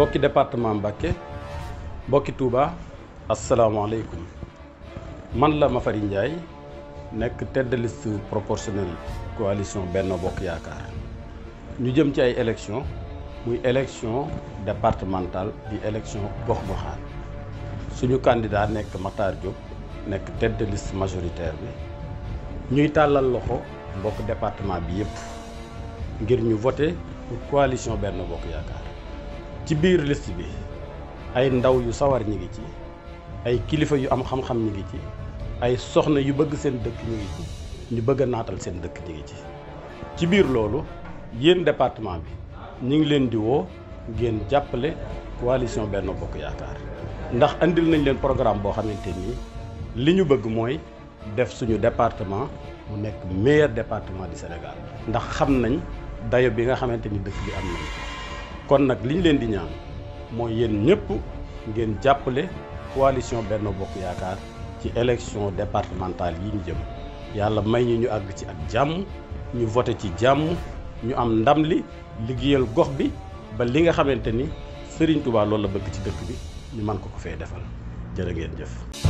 mbokki département Mbacké mbokki Touba asalaamaaleykum man la Mafari Ndiaye nekk tête de liste proportionnelle benn Benno Bokk Yaakaar ñu jëm ci ay élection muy élection départementale di élection gox-goxaan suñu candidat nekk Matar Diop nekk tête de liste majoritaire bi ñuy tàllal loxo mbokk département bi yëpp ngir ñu voté pour coalition Benno Bokk Yaakaar ci biir liste bi ay ndaw yu sawar ñi ngi ci ay kilifa yu am xam-xam ñi ngi ci ay soxna yu bëgg seen dëkk ñi ngi ci ñu bëgg naatal seen dëkk ñi ngi ci ci biir loolu yéen département bi ñu ngi leen di woo ngeen jàppale coalition Benno Bokk Yaakaar ndax indil nañ leen programme boo xamante nii li ñu bëgg mooy def suñu département mu nekk meilleur département du Sénégal ndax xam nañ dayo bi nga xamante ni dëkk bi am nañ kon nag liñ leen di ñaan mooy yéen ñëpp ngeen jàppale coalition benn Bokk Yaakaar ci élection départementale yi ñu jëm yàlla may ñu ñu àgg ci ak jàmm ñu voté ci jàmm ñu am ndam li liggéeyal gox bi ba li nga xamante ni Serigne Touba loolu la bëgg ci dëkk bi ñu mën ko ko fee defal jër a ngeen jëf.